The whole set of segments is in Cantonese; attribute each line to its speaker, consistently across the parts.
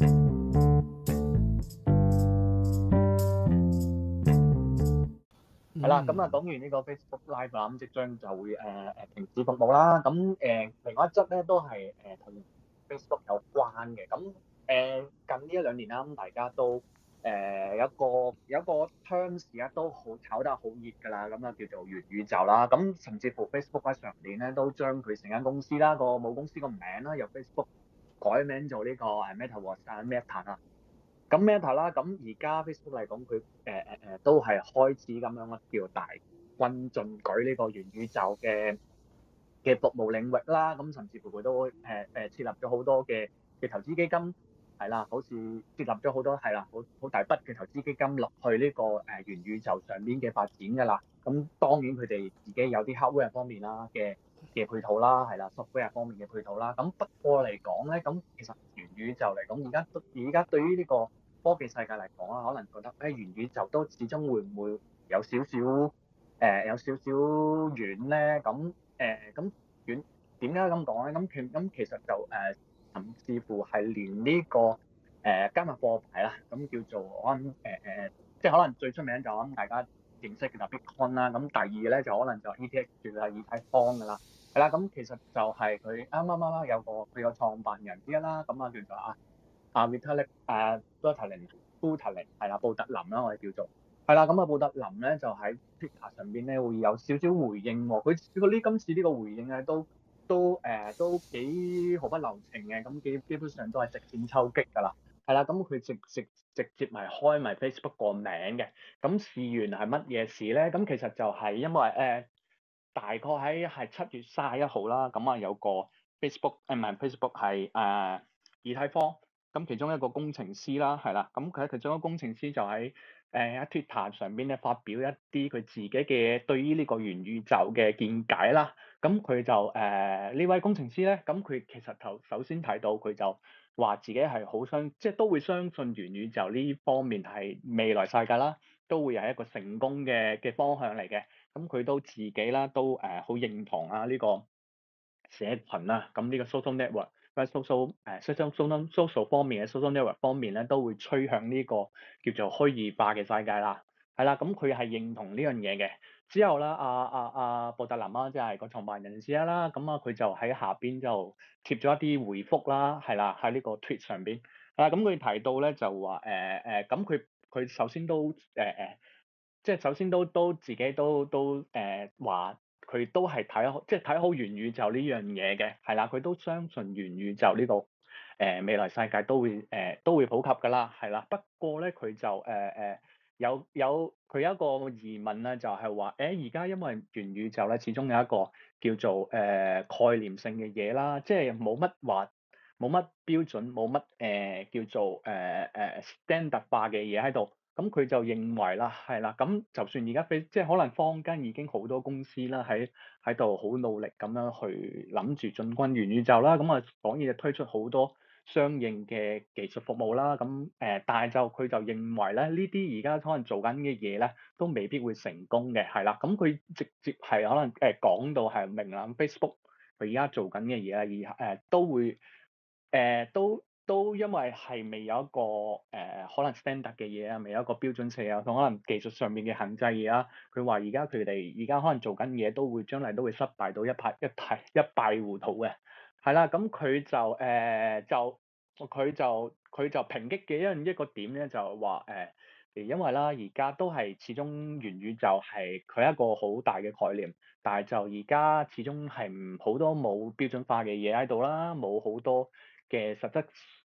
Speaker 1: 係啦，咁 啊楽，講完呢個 Facebook Live 啦，咁即將就會誒誒、呃、停止服務啦。咁、呃、誒，另外一則咧都係誒同、呃、Facebook 有關嘅。咁、呃、誒近呢一兩年啦，大家都誒、呃、有一個有一個 terms 啊，都好炒得好熱噶啦。咁啊叫做元宇宙啦。咁甚至乎 Facebook 喺上年咧，都將佢成間公司啦個母公司個名啦由 Facebook，改名做呢個 Meta Watch 啊，Meta 啦，咁 Meta 啦，咁而家 Facebook 嚟講，佢誒誒誒都係開始咁樣叫大軍進舉呢個元宇宙嘅嘅服務領域啦，咁甚至乎佢都誒誒設立咗好多嘅嘅投資基金，係啦，好似設立咗好多係啦，好好大筆嘅投資基金落去呢個誒元宇宙上邊嘅發展㗎啦，咁當然佢哋自己有啲 hardware 方面啦嘅。嘅配套啦，係啦，software 方面嘅配套啦。咁不過嚟講咧，咁其實元宇宙嚟講，而家而家對於呢個科技世界嚟講啊，可能覺得誒元宇宙都始終會唔會有少少誒有少少遠咧？咁誒咁遠點解咁講咧？咁其咁其實就誒甚至乎係連呢個誒加密貨幣啦，咁叫做安誒誒，即係可能最出名就啱大家認識嘅就 Bitcoin 啦。咁第二咧就可能就 ETH 轉啊以太坊㗎啦。係啦，咁其實就係佢啱啱啱有個佢個創辦人之一啦，咁啊叫做啊阿，Vitalik 誒 Buterin b 係啦，布特林啦我哋叫做係啦，咁啊布特林咧就喺 Twitter 上邊咧會有少少回應喎，佢呢今次呢個回應咧都都誒、呃、都幾毫不留情嘅。咁基基本上都係直線抽擊㗎啦，係啦，咁佢直直直接咪開埋 Facebook 個名嘅。咁事源係乜嘢事咧？咁其實就係因為誒。呃大概喺係七月卅一號啦，嗯，咁啊有個 Facebook，誒唔係 Facebook 係誒以太坊，咁、呃、其中一個工程師啦，係啦，咁佢喺其中一個工程師就喺誒 Twitter 上邊咧發表一啲佢自己嘅對於呢個元宇宙嘅見解啦，咁佢就誒呢、呃、位工程師咧，咁佢其實頭首先睇到佢就話自己係好相，即係都會相信元宇宙呢方面係未來世界啦，都會係一個成功嘅嘅方向嚟嘅。咁佢都自己啦，都誒、uh, 好認同啊呢、這個社群啦，咁、嗯、呢、這個 social network、social 誒 social s o social 方面嘅 social network 方面咧，都會趨向呢、這個叫做虛擬化嘅世界啦。係啦，咁佢係認同呢樣嘢嘅。之後咧，阿阿阿布達林啊，即、啊、係、啊就是、個創辦人士啦，咁啊佢就喺下邊就貼咗一啲回覆啦，係啦喺呢個 tweet 上邊。係啦，咁、嗯、佢提到咧就話誒誒，咁佢佢首先都誒誒。呃呃即係首先都都自己都都誒話佢都係睇即係睇好元宇宙呢樣嘢嘅，係啦，佢都相信元宇宙呢個誒未來世界都會誒、呃、都會普及㗎啦，係啦。不過咧佢就誒誒、呃、有有佢有一個疑問啊，就係話誒而家因為元宇宙咧，始終有一個叫做誒、呃、概念性嘅嘢啦，即係冇乜話冇乜標準，冇乜誒叫做誒誒、呃呃、standard 化嘅嘢喺度。咁佢就認為啦，係啦，咁就算而家 Face，即係可能坊間已經好多公司啦，喺喺度好努力咁樣去諗住進軍元宇宙啦，咁啊，講嘢就推出好多相應嘅技術服務啦，咁誒、呃，但係就佢就認為咧，呢啲而家可能做緊嘅嘢咧，都未必會成功嘅，係啦，咁佢直接係可能誒講、呃、到係明啦，Facebook 佢而家做緊嘅嘢而誒都會誒、呃、都。都因為係未有一個誒、呃，可能 stand 特嘅嘢啊，未有一個標準性，啊，同可能技術上面嘅限制嘢啦。佢話而家佢哋而家可能做緊嘢都會將嚟都會失敗到一派一睇一敗糊塗嘅。係啦，咁、嗯、佢就誒、呃、就佢就佢就抨擊嘅一個一個點咧，就係話、呃、因為啦而家都係始終源語就係佢一個好大嘅概念，但係就而家始終係唔好多冇標準化嘅嘢喺度啦，冇好多嘅實質。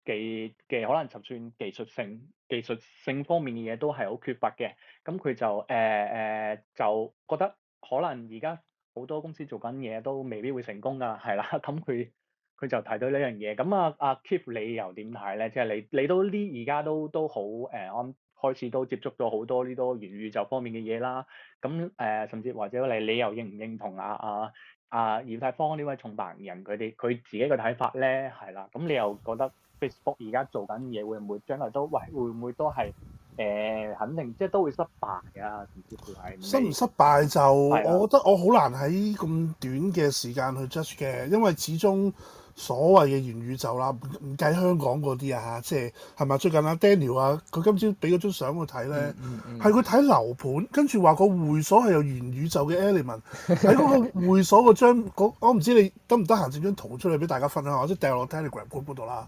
Speaker 1: 技嘅可能就算技術性技術性方面嘅嘢都係好缺乏嘅，咁佢就誒誒、呃呃、就覺得可能而家好多公司做緊嘢都未必會成功㗎，係啦，咁佢佢就提到呢樣嘢，咁啊阿 Keith 你又點睇咧？即、就、係、是、你你都呢而家都都好誒，我、呃、開始都接觸到好多呢多元宇宙方面嘅嘢啦，咁誒、呃、甚至或者你你又認唔認同啊啊啊以太坊呢位創辦人佢哋佢自己嘅睇法咧，係啦，咁你又覺得？Facebook 而家做緊嘢會唔會將來都，喂會唔會都係誒、呃、肯定即係都會失敗㗎？直接係失唔
Speaker 2: 失敗就，的我覺得我好難喺咁短嘅時間去 judge 嘅，因為始終。所謂嘅元宇宙啦，唔唔計香港嗰啲啊嚇，即係係咪最近阿 Daniel 啊，佢今朝俾嗰張相我睇咧，係佢睇樓盤，跟住話個會所係有元宇宙嘅 Element 喺嗰個會所嗰張，我唔知你得唔得閒整張圖出嚟俾大家分享下，或者即掉落 Telegram 嗰嗰度啦。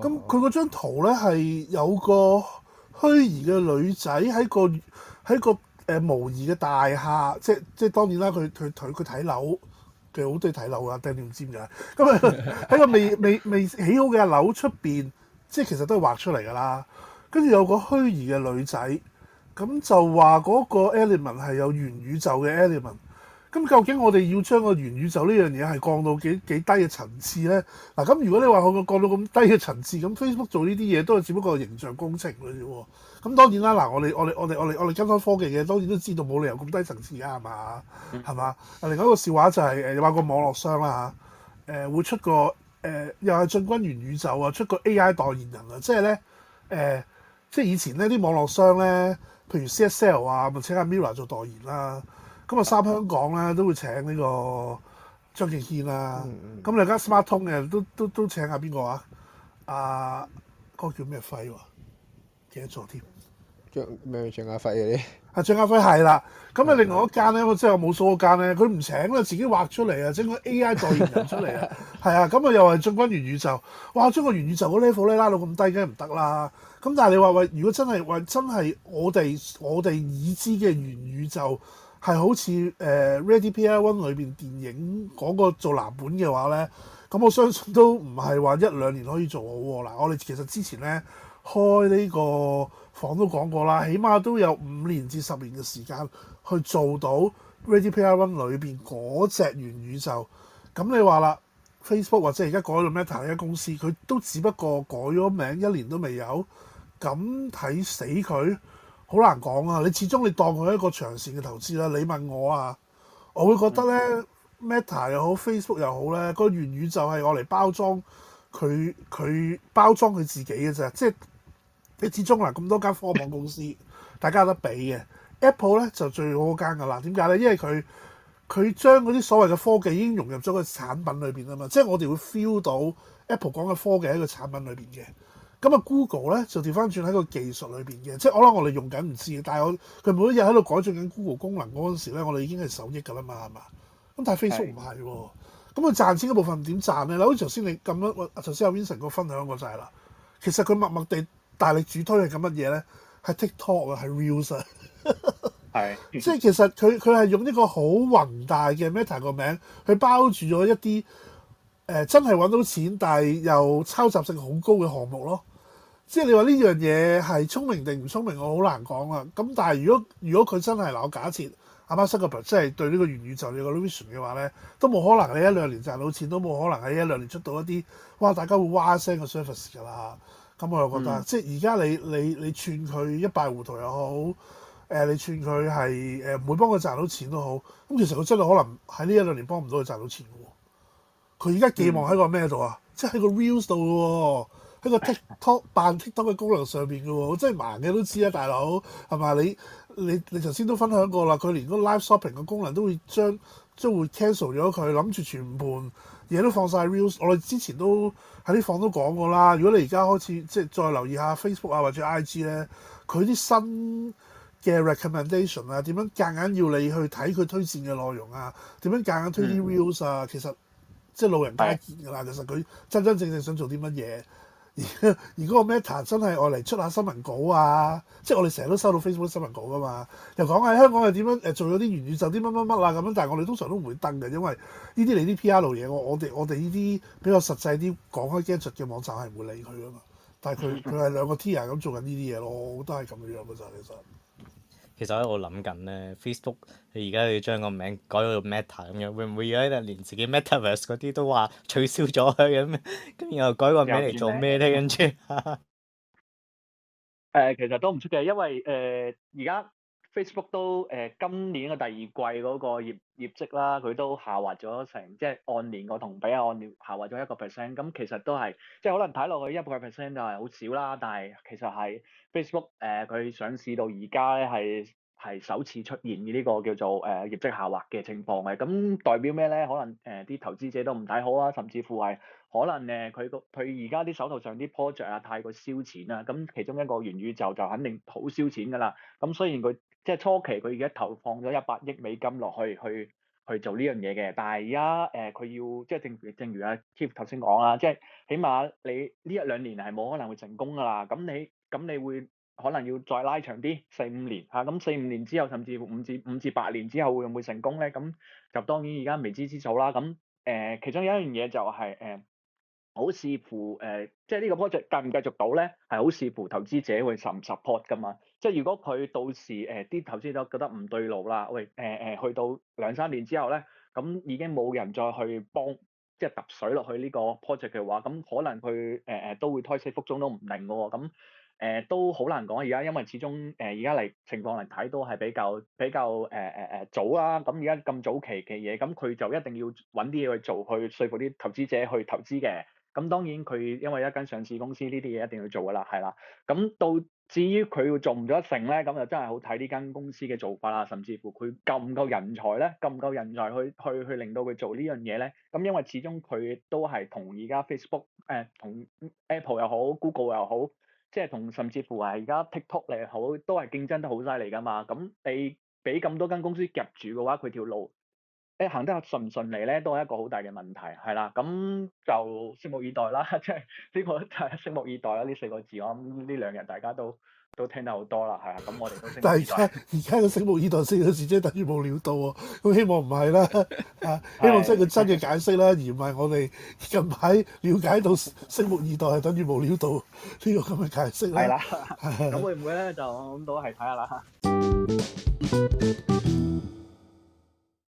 Speaker 2: 咁佢嗰張圖咧係有個虛擬嘅女仔喺個喺個誒模擬嘅大廈，即係即係當然啦，佢佢佢佢睇樓。佢好中意睇樓啊，唔知點解，咁啊喺個未未未起好嘅樓出邊，即係其實都係畫出嚟㗎啦。跟住有個虛擬嘅女仔，咁就話嗰個 element 係有元宇宙嘅 element。咁、嗯、究竟我哋要將個元宇宙呢樣嘢係降到幾幾低嘅層次咧？嗱、啊，咁、嗯、如果你話佢個降到咁低嘅層次，咁、嗯、Facebook 做呢啲嘢都係只不過形象工程嘅啫喎。咁、嗯嗯嗯、當然啦，嗱，我哋我哋我哋我哋我哋跟翻科技嘅，當然都知道冇理由咁低層次噶，係嘛？係嘛？另外一個笑話就係誒話個網絡商啦、啊、嚇，誒、呃、會出個誒、呃、又係進軍元宇宙啊，出個 AI 代言人啊，即係咧誒，即、呃、係、就是、以前呢啲網絡商咧，譬如 CSL 啊，咪請阿 Mira 做代言啦、啊。今日三香港咧都會請呢個張敬軒啦、啊。咁、嗯嗯、你而家 Smart 通嘅都都都請下邊個啊？啊，嗰個叫咩輝喎？記得咗添
Speaker 1: 張咩張家輝嗰啲？
Speaker 2: 啊，張家輝係啦。咁啊，另外一間咧，真係、嗯、我冇數嗰間咧，佢唔請啦，自己畫出嚟啊，整個 A.I. 代言人出嚟 啊，係啊。咁啊，又係進軍元宇宙，哇！將個元宇宙嗰 level 咧拉到咁低，梗係唔得啦。咁但係你話喂，如果真係話真係我哋我哋已知嘅元宇宙。係好似誒 Ready Player One 裏邊電影嗰個做藍本嘅話呢，咁我相信都唔係話一兩年可以做好喎。嗱，我哋其實之前呢，開呢個房都講過啦，起碼都有五年至十年嘅時間去做到 Ready Player One 裏邊嗰隻元宇宙。咁你話啦，Facebook 或者而家改做 Meta 呢間公司，佢都只不過改咗名一年都未有，咁睇死佢？好難講啊！你始終你當佢一個長線嘅投資啦。你問我啊，我會覺得呢 Meta 又好，Facebook 又好呢嗰、嗰個元宇宙係我嚟包裝佢佢包裝佢自己嘅啫。即係你始終嗱咁多間科網公司， 大家有得比嘅。Apple 呢就最好嗰間噶啦。點解呢？因為佢佢將嗰啲所謂嘅科技已經融入咗個產品裏邊啊嘛。即係我哋會 feel 到 Apple 講嘅科技喺個產品裏邊嘅。咁啊，Google 咧就調翻轉喺個技術裏邊嘅，即係我諗我哋用緊唔知，但係我佢每一日喺度改進緊 Google 功能嗰陣時咧，我哋已經係受益㗎啦嘛，係嘛，
Speaker 1: 咁但係 Facebook 唔
Speaker 2: 係喎，咁佢是賺錢嘅部分點賺咧？嗱，好似頭先你咁樣，我頭先阿 Vincent 個分享過就係啦，其實佢默默地大力主推係緊乜嘢咧？係 TikTok 啊，係 Reels 啊，係 是，即係其實佢佢係用一個好宏大嘅 Meta 個名去包住咗一啲。誒、呃、真係揾到錢，但係又抄襲性好高嘅項目咯。即係你話呢樣嘢係聰明定唔聰明，我好難講啊。咁但係如果如果佢真係嗱，我假設阿馬斯克本身係對呢個元宇宙嘅 vision 嘅話呢，都冇可能你一兩年賺到錢，都冇可能喺一兩年出到一啲哇大家會哇聲嘅 service 㗎啦。咁我又覺得，嗯、即係而家你你你，你串佢一敗糊塗又好，誒、呃、你串佢係誒唔會幫佢賺到錢都好，咁其實佢真係可能喺呢一兩年幫唔到佢賺到錢喎。佢而家寄望喺個咩度啊？即係喺個 reels 度喎、哦，喺個 TikTok 扮 TikTok 嘅功能上面嘅喎、哦，真係盲嘅都知啊，大佬係咪？你你你頭先都分享過啦，佢連嗰 live shopping 嘅功能都會將將會 cancel 咗佢，諗住全盤而家都放晒 reels。我哋之前都喺啲房都講過啦。如果你而家開始即係再留意下 Facebook 啊或者 IG 咧，佢啲新嘅 recommendation 啊，點樣夾硬要你去睇佢推薦嘅內容啊？點樣夾硬推啲 reels 啊？嗯、其實～即係老人大家見㗎啦，其實佢真真正，正正想做啲乜嘢？而而嗰個 Meta 真係愛嚟出下新聞稿啊！即係我哋成日都收到 Facebook 新聞稿㗎嘛，又講係香港係點樣誒做咗啲元宇宙啲乜乜乜啊咁樣，呃、什麼什麼什麼但係我哋通常都唔會登嘅，因為呢啲你啲 PR 佬嘢，我我哋我哋呢啲比較實際啲講開 gadget 嘅網站係唔會理佢㗎嘛。但係佢佢係兩個 tier 咁做緊呢啲嘢咯，都係咁樣㗎咋，其實。
Speaker 1: 其實我喺度諗緊咧，Facebook 佢而家要將個名改咗做 Meta 咁樣，會唔會而家連自己 Metaverse 嗰啲都話取消咗佢？咁，咁然後改個名嚟做咩咧？跟住誒，其實都唔出奇，因為誒而家，呃 Facebook 都誒、呃、今年嘅第二季嗰個業業績啦，佢都下滑咗成，即係按年個同比啊，按年下滑咗一個 percent，咁其實都係，即係可能睇落去一個 percent 就係好少啦，但係其實係 Facebook 誒、呃、佢上市到而家咧係。係首次出現呢個叫做誒、呃、業績下滑嘅情況嘅，咁代表咩咧？可能誒啲、呃、投資者都唔太好啊，甚至乎係可能誒佢個佢而家啲手頭上啲 project 啊，太過燒錢啦。咁其中一個元宇宙就肯定好燒錢㗎啦。咁雖然佢即係初期佢而家投放咗一百億美金落去去去做呢樣嘢嘅，但係而家誒佢要即係正正如阿 Keith 頭先講啦，即係起碼你呢一兩年係冇可能會成功㗎啦。咁你咁你，你會？可能要再拉長啲四五年嚇，咁四五年之後甚至五至五至八年之後會唔會成功咧？咁就當然而家未知之數啦。咁誒，其中有一樣嘢就係誒，好視乎誒，即係呢個 project 繼唔繼續到咧，係好視乎投資者會 support 噶嘛。即係如果佢到時誒啲投資者覺得唔對路啦，喂誒誒，去到兩三年之後咧，咁已經冇人再去幫即係揼水落去呢個 project 嘅話，咁可能佢誒誒都會胎死腹中都唔定嘅喎咁。誒都好難講，而家因為始終誒而家嚟情況嚟睇都係比較比較誒誒誒早啦，啊，咁而家咁早期嘅嘢，咁佢就一定要搵啲嘢去做去説服啲投資者去投資嘅，咁當然佢因為一間上市公司呢啲嘢一定要做噶啦，係啦，咁到至於佢做唔做得成咧，咁就真係好睇呢間公司嘅做法啦，甚至乎佢夠唔夠人才咧，夠唔夠人才去去去，去令到佢做呢樣嘢咧，咁因為始終佢都係同而家 Facebook 誒、呃、同 Apple 又好 Google 又好。即係同甚至乎係而家 TikTok 嚟好，都係競爭得好犀利㗎嘛。咁你畀咁多間公司夾住嘅話，佢條路。誒，行得順唔順利咧，都係一個好大嘅問題，係啦，咁就拭目以待啦，即係呢個就係拭目以待啦，呢四個字，我諗呢兩日大家都都聽得好多啦，係啊，咁我哋都拭目以待。
Speaker 2: 但係而家而家嘅拭目以待四個字，即係等於冇料到啊！咁希望唔係啦， 希望即係佢真嘅解釋啦， 而唔係我哋近排了解到拭目以待係等於冇料到呢個咁嘅解釋咧。係啦，
Speaker 1: 咁會唔會咧？就諗到係睇下啦。